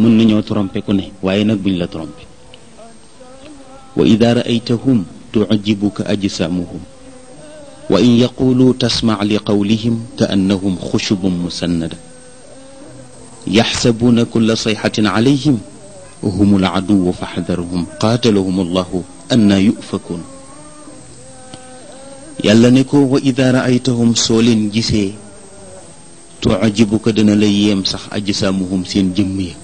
mën nañoo trompe ku ne waaye nag buñ la trompe wa ida raaytahum tuujibuka ajsaamuhum wa in yaqulu tasmac li qawlihim ka annahum xushubun musannada yaxsabuuna kulla sayxatin calayhim hum alcaduwu faxdarhum qaatalahum allahu annaa yufakuun yàlla ne ko wa ida raaytahum soo leen gisee tuajibuka dana la yéem sax ajsaamuhum seen jëmm ya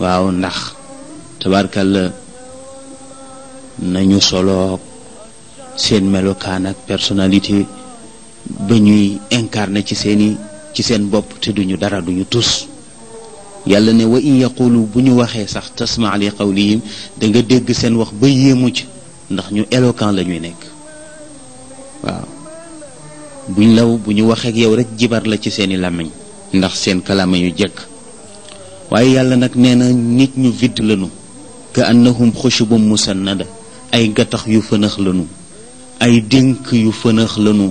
waaw ndax tabaarkalla nañu soloog seen melokaan ak personnalité ba ñuy incarné ci seeni ci seen bopp te duñu dara duñu tus yàlla ne wa in yaqulu bu ñu waxee sax tasma li qawlihim da nga dégg seen wax ba yéemu ci ndax ñu éloquent lañuy ñuy nekk waaw buñ law bu ñu waxee ak yow rek jibar la ci seeni làmmiñ ndax seen kalaama yu jekk waaye yàlla nag nee na nit ñu vidd lanu ka annahum xushubum musannada ay gattax yu fënëx lanu ay dénk yu fënëx lanu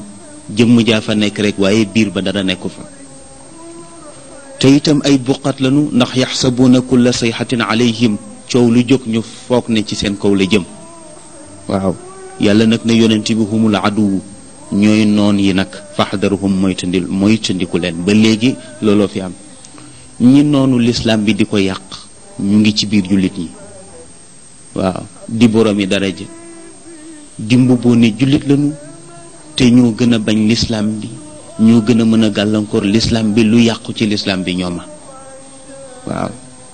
jëmm jaa fa nekk rek waaye biir ba dara nekku fa te itam ay buqat lanu ndax yaxsabuuna kulla sayxatin alayhim coow lu jóg ñu foog ne ci seen kow la jëm waaw yàlla nag ne yonent bi humul aduwu ñooy noon yi nag faxdaruhum moytandil moytandiku leen ba léegi looloo fi am ñi noonu lislaam bi di ko yàq ñu ngi ci biir jullit ñi waaw di boroomi daraja di mbubboo ne jullit lañu te ñoo gën a bañ lislaam bi ñoo gën a mën a gàllankoor lislaam bi lu yàqu ci lislaam bi ñooma waaw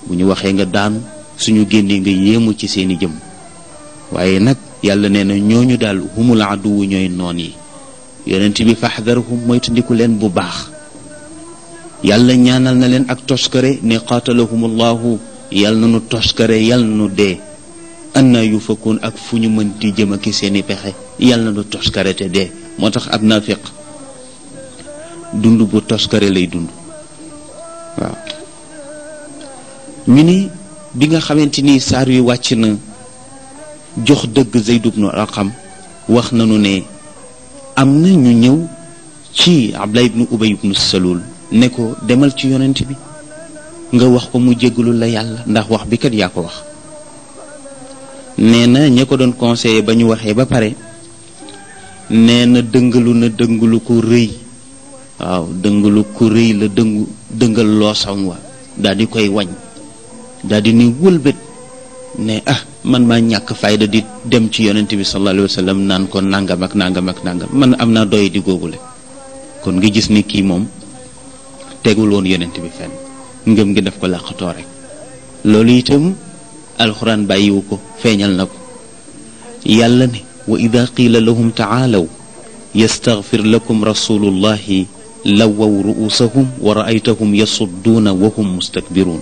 bu ñu waxee nga daanu suñu génnee nga yéemu ci seeni jëm waaye nag yàlla nee na ñooñu daal humul aduwu ñooy noon yi yonent bi faxdarhum moytandiku leen bu baax yàlla ñaanal na leen ak toskare ne qaatalahum allahu yàlla na nu toskare yàlla na nu dee anna yu fakkoon ak fu ñu mën di jëm ak seeni pexe yàlla na nu toskare te dee moo tax ab naafiq dund bu toskare lay dund waaw ñu ni bi nga xamante ni saar yu wàcc na jox dëgg Zayd ibnu wax nanu ne am na ñu ñëw ci Abdullah ibnu Ubay ibnu Salul ne ko demal ci yonent bi nga wax ko mu jéggalul la yàlla ndax wax bi kat yaa ko wax nee na ña ko doon conseiller ba ñu waxee ba pare nee na dëngalu na dëngalu ko rëy waaw dëngalu ko rëy la dëngal loosam wa daldi koy wañ daal ni wëlbét ne ah man maa ñàkk fayda di dem ci yonent bi sallallahu alayhi naan ko nangam ak nangam ak nangam man am naa doy di googule kon nga gis ni kii moom tegul woon yonent bi fenn ngëm gi daf ko làqatoo rek loolu itam alxuraan bàyyiwu ko feeñal na ko yàlla ne wa ida qiila lahum taalaw yastaghfir lakum rasulullahi lawaw ru'usahum wa ra'aytahum yasudduuna wa hum mustakbiruun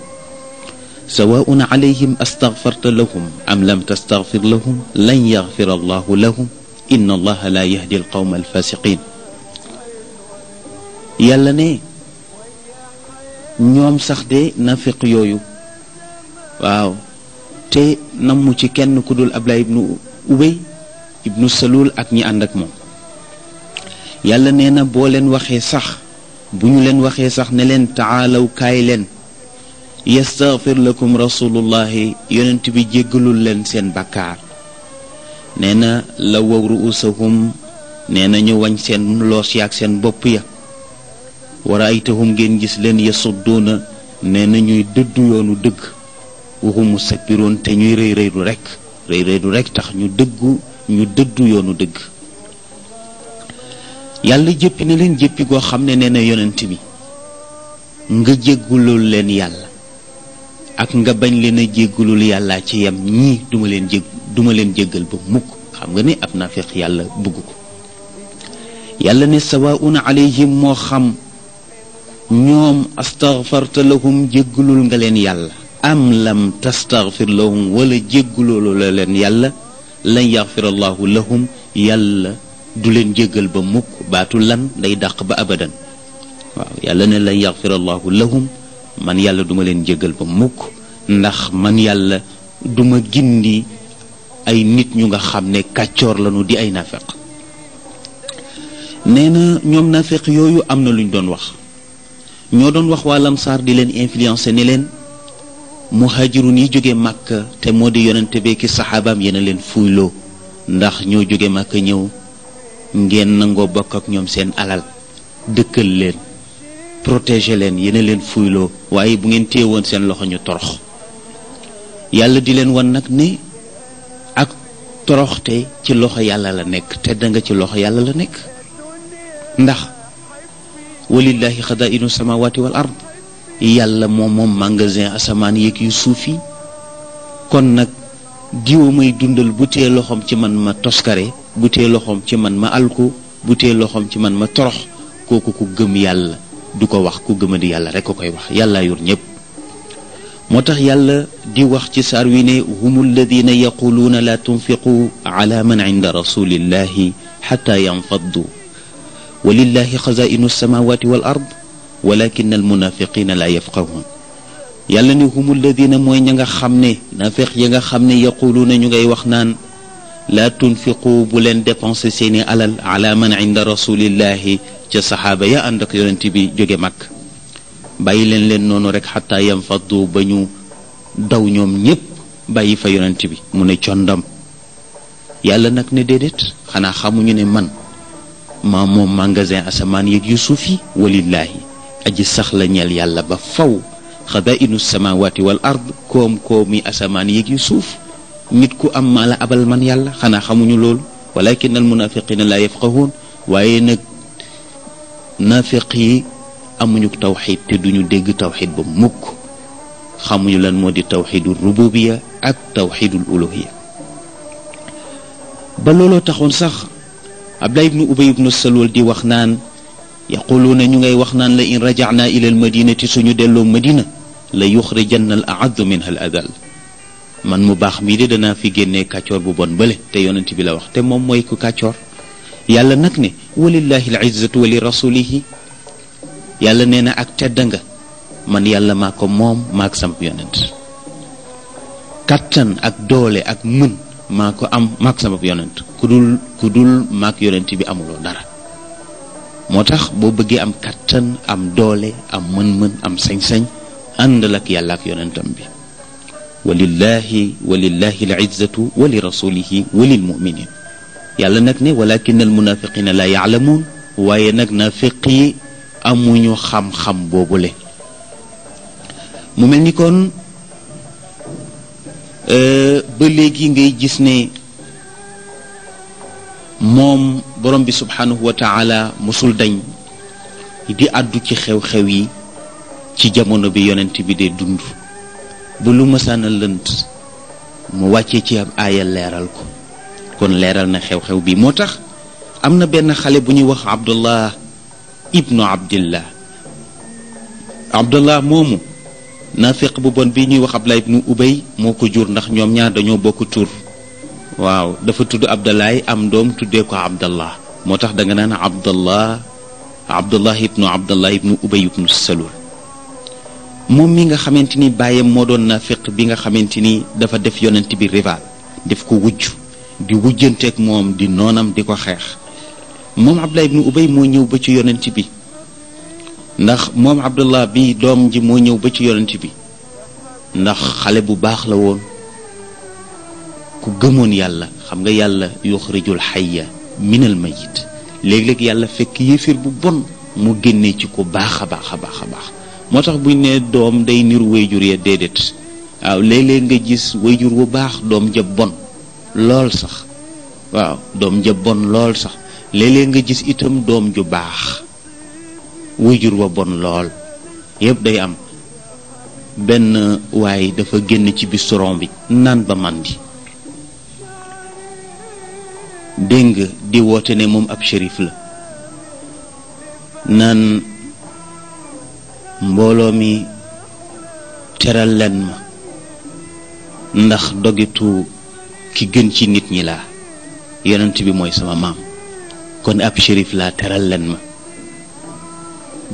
sawaun alayhim astaghfarta lahum am lam tastaghfir lahum lan yaghfir allahu lahum inna allaha la yahdi al qawma al fasiqin yàlla ne ñoom sax de na nafiq yooyu waaw te namm ci kenn ku dul Ablaay ibnu Ubay ibnu Salul ak ñi ànd ak moom yàlla ne na boo leen waxee sax bu leen waxee sax ne leen taalaw leen yastaghfir lakum rasulullahi yonent bi jéggalul leen seen bakkaar nee na la waw ruusahum nee na ñu wañ seen loos ak seen bopp ya wara ay tahum ngeen gis leen yasudduuna nee na ñuy dëddu yoonu dëgg waxumu sakbiroon te ñuy rëy rëylu rekk rëy rëylu rekk tax ñu dëggu ñu dëddu yoonu dëgg yàlla jéppi na leen jéppi goo xam ne nee na yonent bi nga jéggulul leen yàlla ak nga bañ leen a jéggalul yàlla ci yam ñii duma leen jég duma leen jéggal ba mukk xam nga ni ab naafiq yàlla bugg ko yàlla ne sawaun alayhim moo xam ñoom astaghfarta lahum jéggalul nga leen yàlla am lam tastaghfir lahum wala jéggalul leen yàlla lan yaxfir allahu lahum yàlla du leen jéggal ba mukk baatu lan day dàq ba abadan waaw yàlla ne lan yaxfir lahum man yàlla duma leen jéggal ba mukk ndax man yàlla duma gindi ay nit ñu nga xam ne kàccoor lañu di ay nafeq nee na ñoom nafeq yooyu am na lu ñu doon wax ñoo doon wax waa lamsaar di leen influencé ni leen mu muhajirun yi jóge màkka te moo di yonente bee ki saxaabaam yéena leen fuyloo ndax ñoo jóge màkka ñëw ngeen nangoo bokk ak ñoom seen alal dëkkal leen protéger leen yéene leen fuyloo waaye bu ngeen téye woon seen loxo ñu torox yàlla di leen wan nag ne ak toroxte ci loxo yàlla la nekk te da nga ci loxo yàlla la nekk ndax walillahi xadaa'inu samawati wal ard yàlla moom moom magasin asamaan yeeg yu suuf yi kon nag diwa may dundal bu tee loxoom ci man ma toskare bu loxoom ci man ma alko bu loxoom ci man ma torox kooku ku gëm yàlla du ko wax ku gëmadi yàlla rek ko koy wax yàllaa yor ñëpp moo tax yàlla di wax ci saar wi ne hum alladina yaquluuna laa tunfiqu ala man inda rasulillahi xata yanfaddu wa lillahi xazainu alsamawati wal ard walakin almunafiqina laa yafqahun yàlla ne hum alladina mooy ña nga xam ne naafeq ya nga xam ne yaquluuna ñu ngay wax naan laa tunfiqu bu leen dépenser seeni alal ay man inda rasulillahi ca saxaaba ya ànd ak yonent bi jóge mag bàyyi leen leen noonu rek xataa yam faddu ba ñu daw ñoom ñépp bàyyi fa yonent bi mu ne condam yàlla nag ne déedéet xanaa xamuñu ne man maa moom magasin asamaan yeeg yu suuf yi walillaahi aji sax la ñeel yàlla ba faw xadaa'inu samawaati wal ard koom-koomi asamaan yeeg yu suuf nit ku am maa la abal man yàlla xanaa xamuñu loolu walakin al munafiqina la yafqahun waaye nag nafiq yi amuñu tawxid te duñu dégg tawxid ba mukk xamuñu lan moo di tawxidul rububiya ak tawxidul uluhiya ba looloo taxoon sax bu ibnu ubay nu salul di wax naan yaquluuna ñu ngay wax naan la in rajacnaa ila al madinati suñu delloo madina la yuxrijanna al aadu minha al adal man mu baax mii de danaa fi génnee kàccoor bu bon bële te yonent bi la wax te moom mooy ku kàccoor yàlla nag ne walillahi alizzatu wali rasulihi yàlla nee na ak tedd nga man yàlla maa ko moom maak samp yonent kattan ak doole ak mën maa ko am maak samp yonent ku dul ku dul maak yonent bi amuloo dara moo tax boo bëggee am kattan am doole am mën-mën am sañ-sañ àndal ak yàlla ak yonentam bi walillahi walillahi alizzatu wa li rasulihi wa lil muminin yàlla nag ne walakin al munafiqina la yaalamuun waaye nag naafiq yi amuñu xam-xam boobule mu mel ni kon euh, ba léegi ngay gis ne moom borom bi subhanahu wa taala musul dañ di àddu ci xew-xew yi ci jamono bi yonent bi dee dund ba lu mësaana lënt mu wàccee ci ab leeral ko kon leeral na xew-xew bii moo tax am na benn xale bu ñuy wax abdullah ibnu abdillah abdullah moomu nafiq bu bon bi ñuy wax abdullah ibnu ubay moo ko jur ndax ñoom ñaar dañoo bokk tur waaw dafa tudd abdalaay am doom tuddee ko abdallah moo tax da nga naan abdallah abdullah ibnu abdallah ibnu ubay ibnu salul moom mi nga xamante ni bàyyam moo doon naafiq bi nga xamante ni dafa def yonent bi rival def ko wujj di wujjanteeg moom di noonam di ko xeex moom Abdullah ibnu moo ñëw ba ci yonent bi ndax moom Abdullah bi doom ji moo ñëw ba ci yonent bi ndax xale bu baax la woon ku gëmoon yàlla xam nga yàlla yuxrijul xayya minal mayit léeg-léeg yàlla fekk yéeféer bu bon mu génnee ci ko baax a baax baax moo tax buñ ne doom day niru wayjur ya déedéet waaw léeg-léeg nga gis wayjur bu baax doom ja bon lool sax waaw doom ja bon lool sax léeg-léeg nga gis itam doom ju baax wayjur wa bon lool yépp day am benn waay dafa génn ci bistoron bi naan ba màndi dégg nga di woote ne moom ab shérif la naan mbooloo mi teral leen ma ndax dogetu ki gën ci nit ñi laa yonent bi mooy sama maam kon ab shérif laa teral leen ma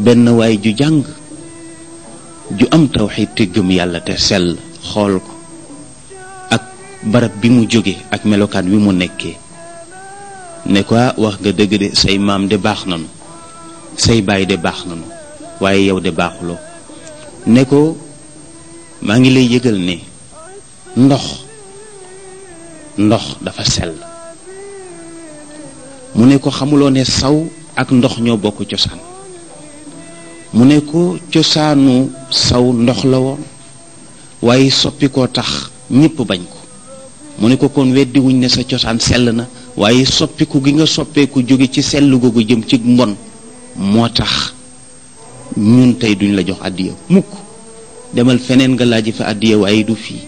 benn waay ju jàng ju am tawxiid te gëm yàlla te sell xool ko ak barab bi mu jóge ak melokaan wi mu nekkee ne ko ah, wax nga dëgg de say maam de baax nanu say baay de baax nanu waaye yow de baaxuloo ne ko maa ngi lay yëgal ne ndox ndox dafa sell mu ne ko xamuloo ne saw ak ndox ñoo bokk cosaan mu ne ko cosaanu saw ndox la woon waaye soppi tax ñépp bañ ko mu ne ko kon weddiwuñ ne sa cosaan sell na waaye soppiku gi nga soppeeku jóge ci sell googu jëm ci mbon moo tax ñun tey duñ la jox addiya mukk demal feneen nga laaj fa addiya waaye du fii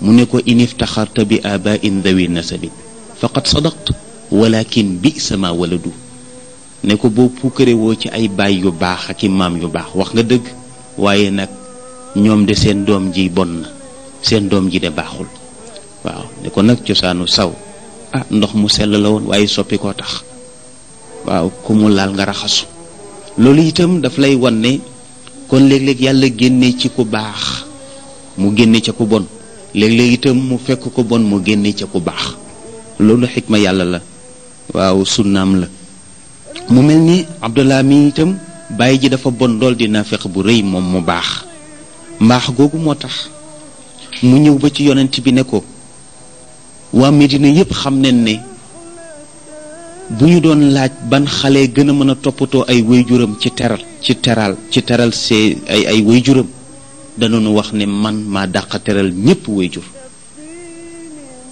mu ne ko in iftaxarta bi abain dawi nasabin faqad sadaqt walakin bi sama waladu ne ko boo puukarewoo ci ay baay yu baax ak i maam yu baax wax nga dëgg waaye nag ñoom de seen doom ji bon na seen doom ji de baaxul waaw ne ko nag cosaanu saw ah ndox mu sell la woon waaye soppi koo tax waaw ku mu laal nga raxasu loolu itam daf lay wan ne kon léeg-léeg yàlla génne ci ku baax mu génne ca ku bon léeg-léeg itam mu fekk ko bon mu génne ca ku baax loolu xikma yàlla la waaw sunnaam la mu mel ni abdullah mi itam bàyyi ji dafa bon dool dina feq bu rëy moom mu baax mbaax googu moo tax mu ñëw ba ci yonent bi ne ko waa Medina yépp xam nañ ne bu ñu doon laaj ban xale gën a mën a toppatoo ay waajuram ci teral ci teral ci teral see ay ay waajuram danoonu wax ne man maa dàq teral ñépp waajur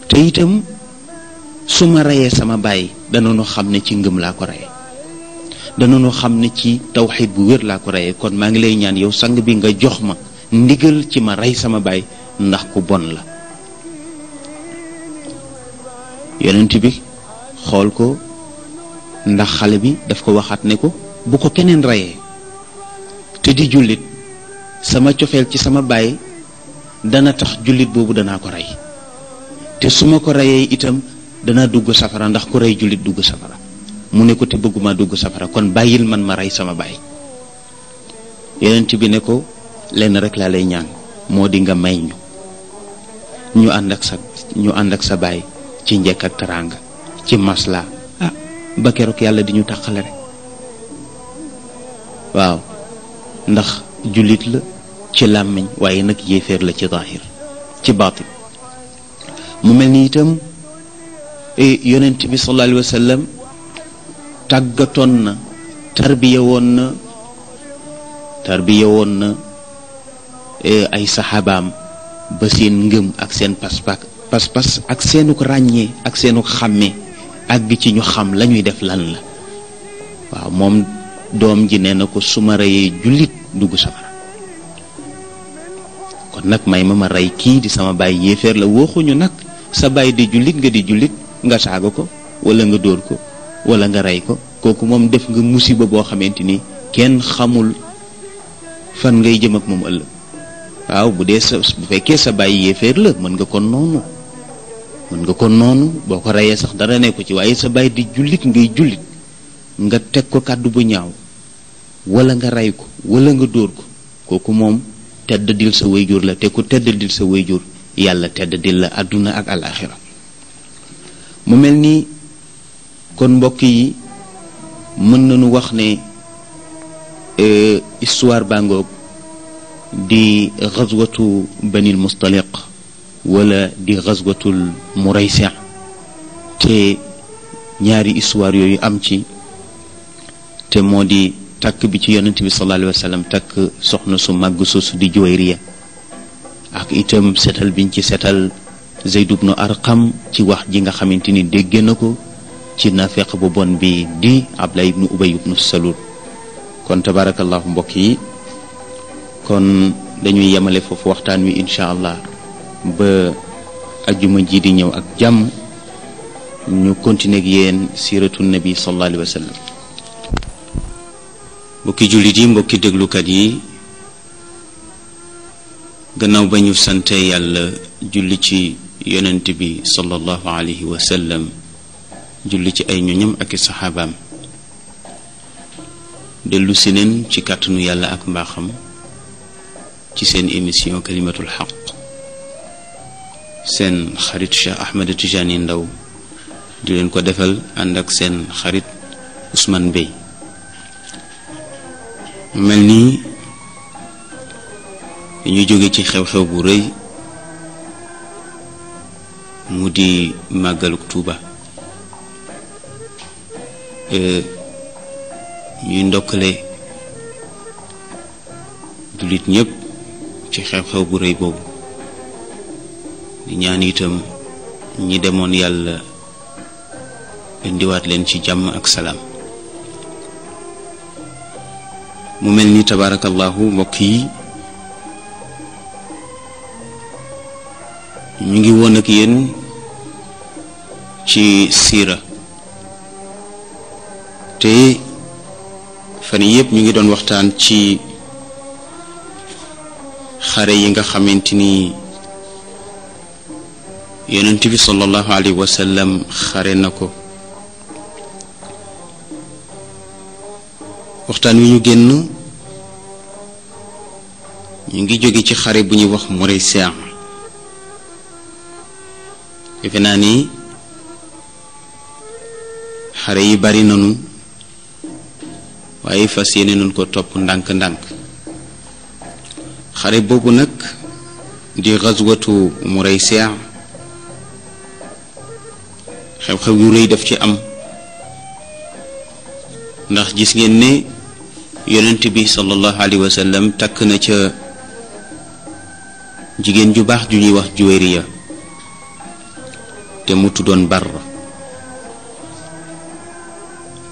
te itam su ma reyee sama bàyyi danoonu xam ne ci ngëm laa ko reyee danoonu xam ne ci tawxiid bu wér laa ko reyee kon maa ngi lay ñaan yow sang bi nga jox ma ndigal ci ma rey sama baay ndax ku bon la yonent bi xool ko ndax xale bi daf ko waxaat ne ko bu ko keneen reyee te di jullit sama cofeel ci sama baay dana tax jullit boobu danaa ko rey te su ma ko reyee itam danaa dugg safara ndax ku rey jullit dugg safara mu ne ko te bëgguma dugg safara kon bàyyil man ma rey sama baay yonent bi ne ko lenn rek laa lay ñaan moo di nga may ñu ñu ànd ak sa ñu ànd ak sa baay ci njëkk ak teraanga ci masla ba keroog yàlla di ñu tàqale rek waaw ndax jullit la ci làmmiñ waaye nag yéeféer la ci zaahir ci baatin mu mel ni itam eh, yonent bi sallallahu alayhi wa tàggatoon na tarbiya woon na tarbiya woon na eh, ay saxaabaam ba seen ngëm ak seen pas-pas pas ak seenuk ràññee ak seenuk xàmmee àgg ci ñu xam lañuy def lan la waaw moom doom ji nee na ko su ma reyee jullit dugg safara kon nag may ma ma rey kii di sama baay yéeféer la waxuñu nag sa baay di jullit nga di jullit nga saaga ko wala nga dóor ko wala nga rey ko kooku moom def nga musiba boo xamante ni kenn xamul fan ngay jëm ak moom ëllëg waaw bu dee sa bu fekkee sa baay yéeféer la mën nga kon noonu mën nga ko noonu boo ko reyee sax dara nekku ci waaye sa baay di jullit ngay jullit nga teg ko kàddu bu ñaaw wala nga rey ko walla nga dóor ko kooku moom tedd dil sa wayjur la te ku tedd dil sa wayjur yàlla tedd dil la àdduna ak alaaxira mu mel ni kon mbokk yi mën na nu wax ne euh, histoire bàngoog di xazwatu banil mustaliq wala di xaswatul muraysi te ñaari histoire yooyu am ci te moo di takk bi ci yonent bi sallallahu alayhi takk soxna su màgg su di Juwayriya ak itam setal biñ ci setal Zayd ibnu Arqam ci wax ji nga xamante ni dégg na ko ci nafeq bu bon bi di Abdullah ibnu Ubay ibnu Salul kon tabarakallahu mbokk yi kon dañuy yemale foofu waxtaan wi incha allah ba ajjuma ji di ñëw ak jàmm ñu continuer ak yéen siiratu nabi sallallahu alayhi wa mbokki jullit yi mbokki déglukat yi gannaaw ba ñu sante yàlla julli ci yonent bi sallallahu alayhi wa julli ci ay ñoñam ak i saxaabaam dellu ci kàttanu yàlla ak mbaaxam ci seen émission kalimatul xaq seen xarit Cheikh Ahmed Tijani Ndaw di leen ko defal ànd ak seen xarit Ousmane Bey mel nii ñu jóge ci xew-xew bu rëy mu di màggaluk Tuuba e, ñuy ndokkale jullit ñépp ci xew-xew bu rëy boobu ñaanitam ñaan itam ñi demoon yàlla indiwaat leen ci jàmm ak salaam mu mel ni tabaarakallahu mbokk yi ñu ngi woon ak yéen ci siira te fan yépp ñu ngi doon waxtaan ci xare yi nga xamante ni yonent bi sallallahu alayhi wa sallam xare na ko waxtaan wi ñu génn ñu ngi jóge ci xare bu ñuy wax Muraysi' defe naa ni xare yi bari nanu waaye fas yéene nañ ko topp ndànk-ndànk xare boobu nag di xazwatu Muraysi' xew-xew yu rëy def ci am ndax gis ngeen ne yonent bi sallallahu alayhi wa takk na ca jigéen ju baax ju ñuy wax Juwayriya te mu doon Barra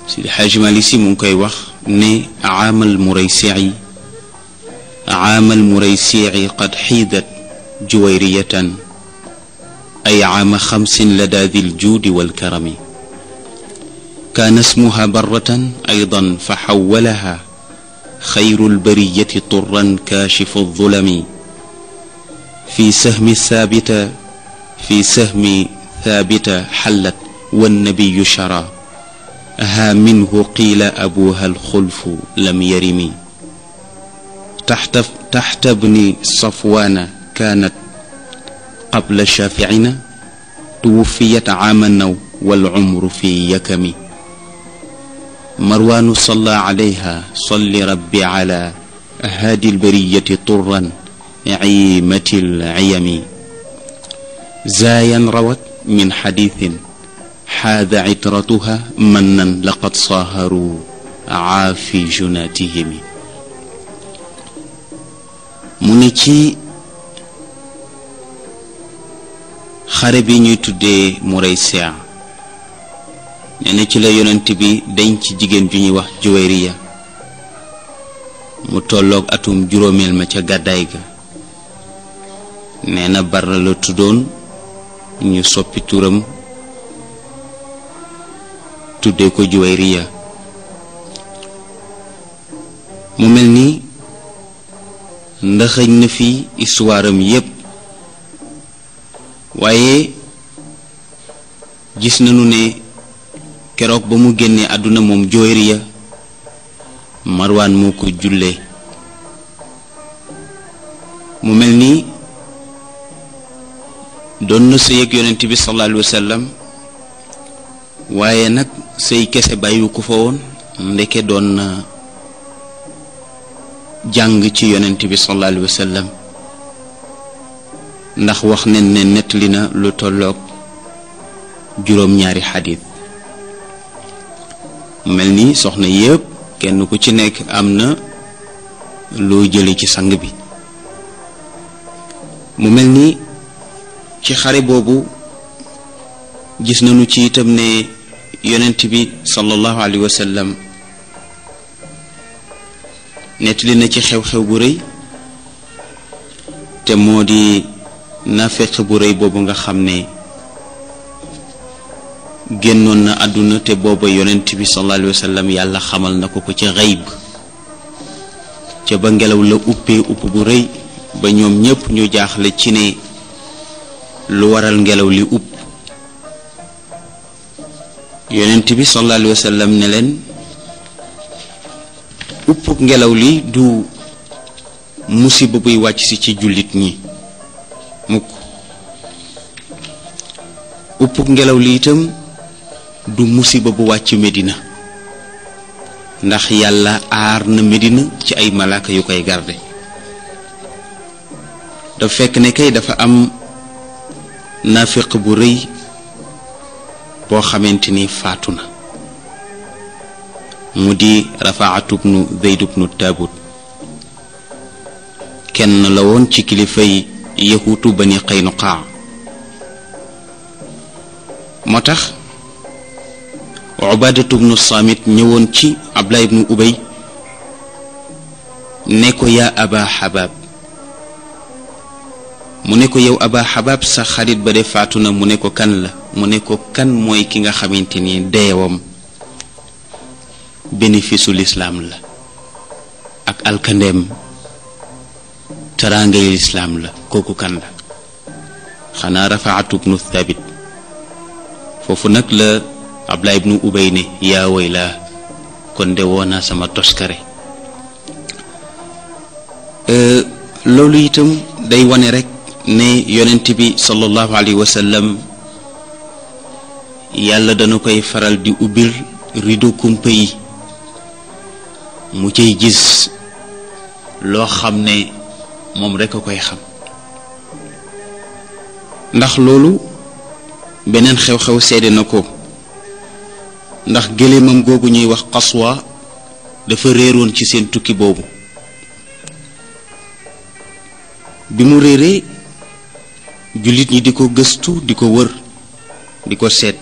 Sidi Xaaji Maalik Si mu ngi koy wax ne aamal mu aamal muraysi'i qad xiidat juwayriyatan أي عام خمس لدى ذي الجود والكرم كان اسمها برة أيضا فحولها خير البرية طرا كاشف الظلم في سهم الثابت في سهم ثابت حلت والنبي شرى ها منه قيل أبوها الخلف لم يرم تحت, تحت ابن صفوان كانت qabla shafiina tuwufiyat aama naw wal umru fi yakami marwaanu salla alayha salli rabbi ala haadi albariyati turran ciimati alciyami zaayan rawat min xadiisin xaada citratuha mannan laqad saaharu caafi junaatihimi mu ne ci xare bi ñuy tuddee Muraysia nee na ci la yonent bi denc ci jigéen ju ñuy wax Juwayriya mu tolloog atum juróomeel ma ca gàddaay ga nee na Barra la tuddoon ñu soppi turam tuddee ko Juwayriya mu mel ni ndaxañ na fi histoire yépp waaye gis nanu ne keroog ba mu génnee àdduna moom Juwayriya Marwaan moo ko jullee mu mel ni doon na sëy ak yonent bi sallallahu alayhi wa waaye nag sëy kese bàyyiwu ko fa woon ndeke doon na jàng ci yonent bi sallallahu alayhi wa sallam ndax wax nañ ne nettali na lu tolloog juróom-ñaari xadit mel ni soxna yépp kenn ku ci nekk am na loo jële ci sang bi mu mel ni ci xare boobu gis nu ci itam ne yonent bi sallallahu alayhi wa sallam nettali na ci xew-xew bu rëy te moo di na fekk bu rëy boobu nga xam ne génnoon na àdduna te booba yonent bi sallallahu alayhi yàlla xamal na ko ko ca xayb ca ba ngelaw la uppee upp bu rëy ba ñoom ñépp ñu jaaxle ci ne lu waral ngelaw li upp yonent bi sallallahu alayhi wa sallam ne leen uppuk ngelaw li du musiba buy wàcc ci jullit ñi mukk uppuk ngelaw li itam du musiba bu wàcc Medina ndax yàlla aar na Medina ci ay malaaka yu koy garde dafa fekk ne kay dafa am naafiq bu rëy boo xamante ni faatu na mu di rafaatu bnu zeyd bnu taabut kenn la woon ci kilifa yi yahuutu bani Qaynuqaa moo tax Ubaadatu bnu Saamit ñëwoon ci Abdulaay ibnu Ubay ne ko yaa Aba Xabaab mu ne ko yow Aba Xabaab sa xarit ba de faatu na mu ne ko kan la mu ne ko kan mooy ki nga xamante ni deewam bénéfice lislaam la ak alkandeem teraangay lislaam la kooku kan la xanaa rafaatu bnu thabit foofu nag la ablaay ibnu ubay ne yaa woy laa kon de woo sama toskare euh, loolu itam day wone rek ne yonent bi sallallahu alayhi wa yàlla dana koy faral di ubbil rido kumpa yi mu ciy gis loo xam ne moom rekk a koy xam ndax loolu beneen xew-xew seede na ko ndax géléemam googu ñuy wax xaswa dafa réeroon ci seen tukki boobu bi mu réeree jullit yi di ko gëstu di ko wër di ko seet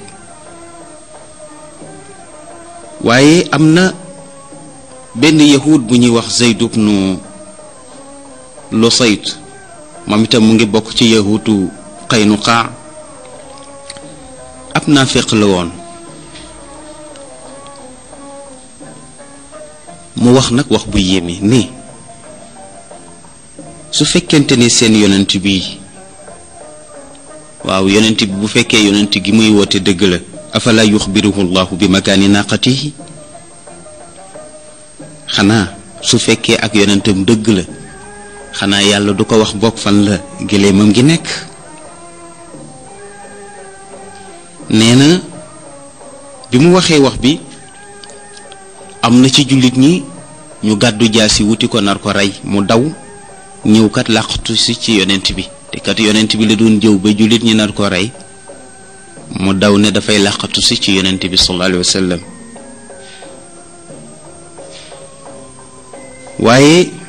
waaye am na benn yahud bu ñuy wax Zayd ibnu loo Lusayt moom itam mu ngi bokk ci yahuutu Qaynuqaa ab naafiq la woon mu wax nag wax bu yéeme ni su fekkente ni seen yonent bi waaw yonent bi bu fekkee yonent gi muy woote dëgg la afala yuxbiruhu llahu bi makaani naqatihi xanaa su fekkee ak yonentam dëgg la xanaa yàlla du ko wax bokk fan la géléemam gi nekk nee na bi mu waxee wax bi am na ci jullit ñi ñu gàddu jaasi wuti ko nar ko rey mu daw ñëw kat làqatu ci yonent bi te kat yonent bi la doon jëw ba jullit ñi nar ko rey mu daw ne dafay làqatu si ci yonent bi sallallahu alayhi wa waaye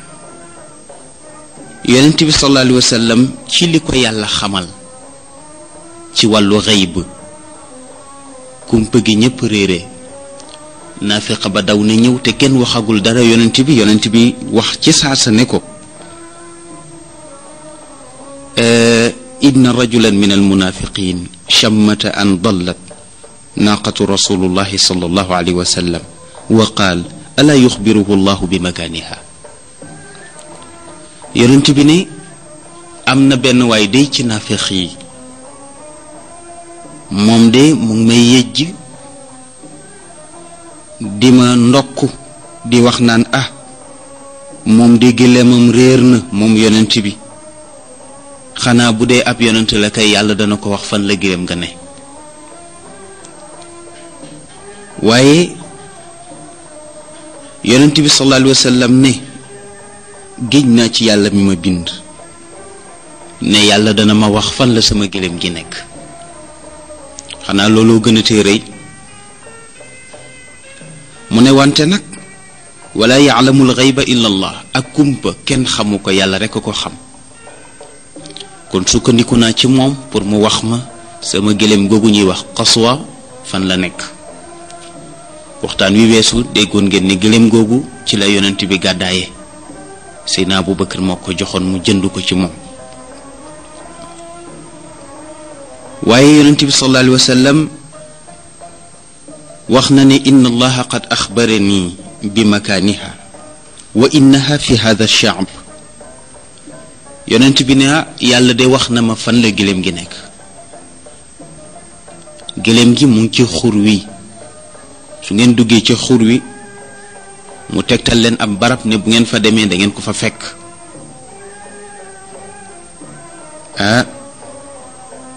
yonent bi sallallahu alayhi ko yàlla xamal ci wàllu xayb kumpa gi ñépp réere naafiq ba daw na ñëw te kenn waxagul dara yonent bi yonent bi wax ci sa ne ko inna rajulan min almunaafiqin shammata an dallat naaqatu rasulullahi sallallahu alayhi wa sallam wa qaal alaa yuxbiruhu allahu bi makaaniha yonent bi ne am na benn waay day ci naafeq yi moom de mu may yëjj di ma ndokk di wax naan ah moom di gëléemam réer na moom yonent bi xanaa bu dee ab yonent la kay yàlla dana ko wax fan la gëléem nga ne waaye yonent bi sallallahu ne géej naa ci yàlla mi ma bind ne yàlla dana ma wax fan la sama gëléem gi nekk xanaa looloo gën a tee rëy mu ne wante nag wala yaalamul xayba ba allah ak kumpa kenn xamu ko yàlla rekk ko xam kon sukkandiku naa ci moom pour mu wax ma sama gëléem googu ñuy wax xaswa fan la nekk waxtaan wi weesu déggoon ngeen ni gëléem googu ci la yonent bi gàddaaye Seydina Abubakar moo ko joxoon mu jëndu ko ci moom waaye yonent bi sallallahu alayhi wax na ne inna allaha qad axbarani bi makaaniha wa innaha fi hada shaab yonent bi na ah, yàlla de wax na ma fan la gëléem gi nekk gëléem gi mu ngi ci xur wi su ngeen duggee ci xur wi mu tegtal leen ab barab ne bu ngeen fa demee da ngeen ko fa fekk ah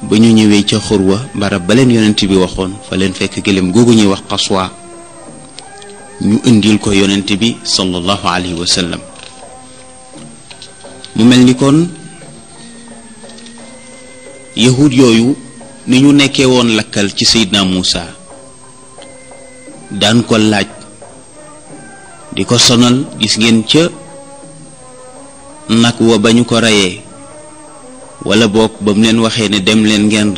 ba ñu ñëwee ca xurwa barab ba leen yonent bi waxoon fa leen fekk gëléem googu ñuy wax xaswa ñu indil ko yonent bi sallallahu alayhi wa mu mel ni kon yahud yooyu ni ñu nekkee woon lakkal ci Seydina Muusa daan ko laaj di ko sonal gis ngeen ca nag wa ba ñu ko reyee wala boog ba mu leen waxee ne dem leen ngeen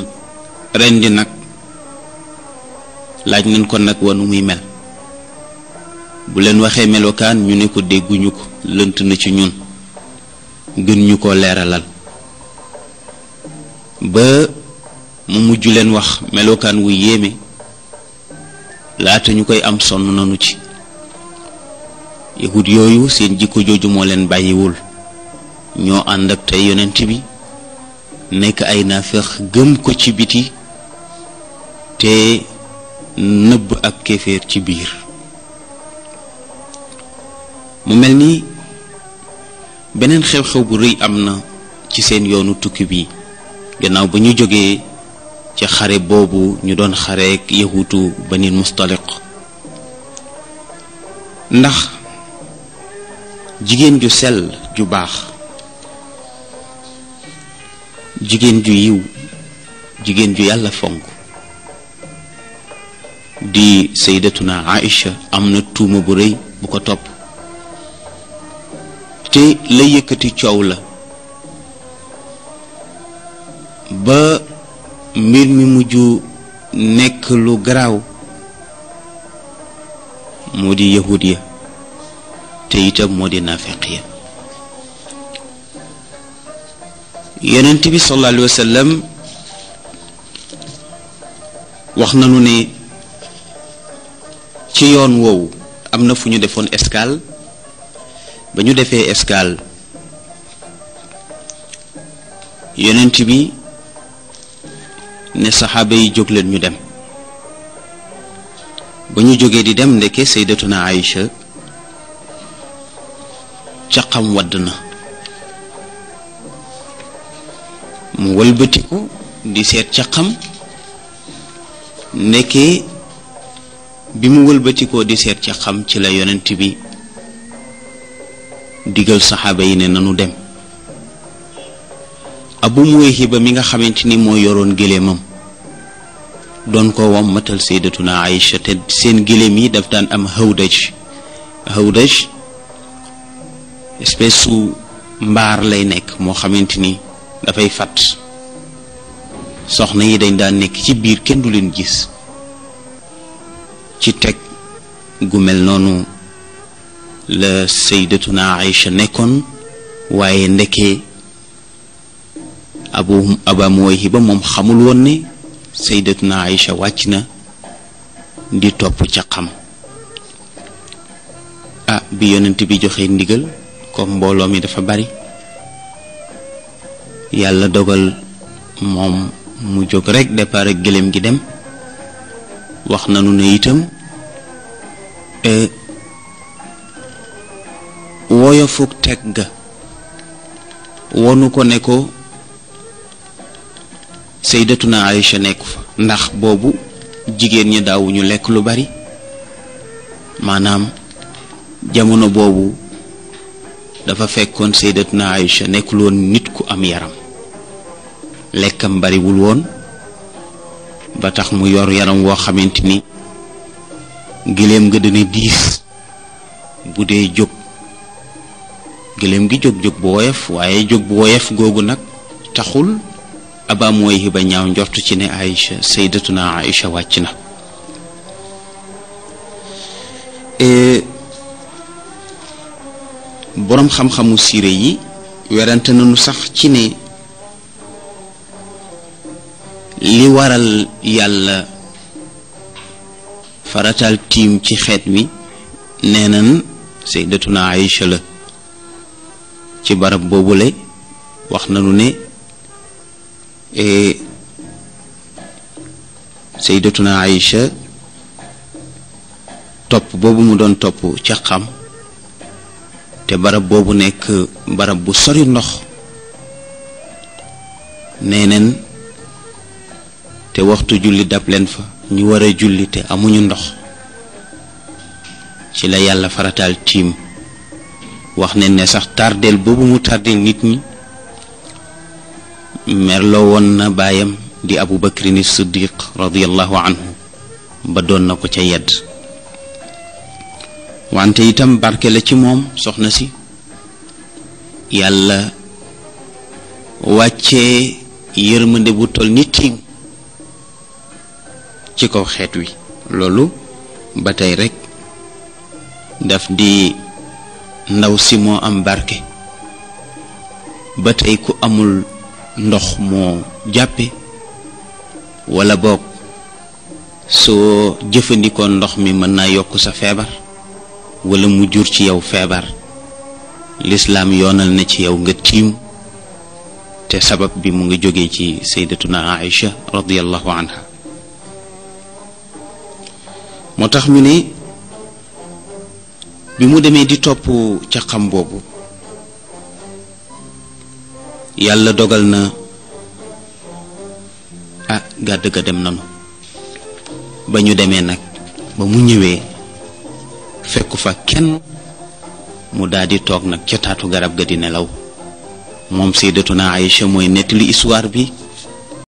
rendi nag laaj nañ ko nag wa nu muy mel bu leen waxee melokaan ñu ne ko dégguñu ko lënt na ci ñun gën ñu ko leeralal ba mu mujj leen wax melokaan wu yéeme laata ñu koy am sonn nanu ci yahud yooyu seen jikko jooju moo leen bàyyiwul ñoo àndak ak tey yonent bi nekk ay naafeex gëm ko ci biti te nëbb ak kéeféer ci biir mu mel ni beneen xew-xew bu rëy am na ci seen yoonu tukki bi gannaaw ba ñu jógee ci xare boobu ñu doon xare xareek yahutu banil mustaliq ndax jigéen ju sell ju baax jigéen ju yiw jigéen ju yàlla fonk di na Aïcha am na tuuma bu rëy bu ko topp te la yëkkati coow la ba mbir mi mujj nekk lu garaaw moo di yahud ya te itam moo di naafeq ya yonent bi sallallahu alayhi wa wax nañu ne ci yoon woowu am na fu ñu defoon escale ba ñu defee escale yonent bi ne saxaaba yi jóg leen ñu dem ba ñu jógee di dem ndeke sayyidatuna Aïcha ca xam wadd na mu wëlbatiku di seet caqam nekkee bi mu wëlbatikoo di seet xam ci la yonent bi diggal saxaaba yi ne nanu dem abu ba mi nga xamante ni moo yoroon géléemam doon ko wammatal sayyidatuna Aïcha te seen géléem yi daf daan am hawdaj hawdaj espèce su mbaar lay nekk moo xamante ni dafay fat soxna yi dañ daan nekk ci biir kenn du leen gis ci teg gu mel noonu la sayyidatuna Aïcha nekkoon waaye ndeke abu abam woy ba moom xamul woon ne sayyidatuna Aïcha wàcc na di topp ca xam ah bi yonent bi joxe ndigal comme mbooloo mi dafa bari yàlla dogal moom mu jóg rekk départ ak gëléem gi dem wax nanu ne itam e, woyofuk teg ga wonu ko ne ko na Aïcha nekku ndax boobu jigéen ñi daawuñu lekk lu bari maanaam jamono boobu dafa fekkoon sayyidatuna Aïcha nekkul nekkuloon nit ku am yaram lekkam bariwul woon ba tax mu yor yaram woo xamante ni gëléem nga dana diis bu dee jóg gëléem gi jóg jóg bu woyof waaye jóg bu woyof googu nag taxul aba mooy xiba ñaaw njort ci ne Aïcha sayyidatuna Aïcha wàcc na eh, boroom xam-xamu siire yi werante nañu sax ci ne li waral yàlla faratal tiim ci xeet wi nee nan saydatuna Aïcha la ci barab boobule wax nañu ne e, saydatuna Aïcha topp boobu mu doon topp ca xam te barab boobu nekk barab bu sori ndox nee neen te waxtu julli dab leen fa ñu war a julli te amuñu ndox ci la yàlla farataal tiim wax ne ne sax tardeel boobu mu tardeel nit ñi merloo woon na baayam di abu bakrin siddiq radiallahu anhu ba doon na ko ca yedd wante itam barke la ci moom soxna si yàlla wàccee yërmande bu tol ni ci kaw xeet wi loolu ba tey rekk daf di ndaw si moo am barke ba tey ku amul ndox moo jàppe walla boog soo jëfandikoo ndox mi mën naa yokk sa feebar wala mu jur ci yow feebar lislaam yoonal na ci yow nga tiim te sabab bi mu ngi jóge ci na aïcha radiallahu anha moo tax ñu ne bi mu demee di topp ca xam boobu yàlla dogal na ah gàdd ga dem nanu ba ñu demee nag ba mu ñëwee fekku fa kenn mu daldi toog nag ca taatu garab ga di nelaw moom na Aïcha mooy nettali histoire bi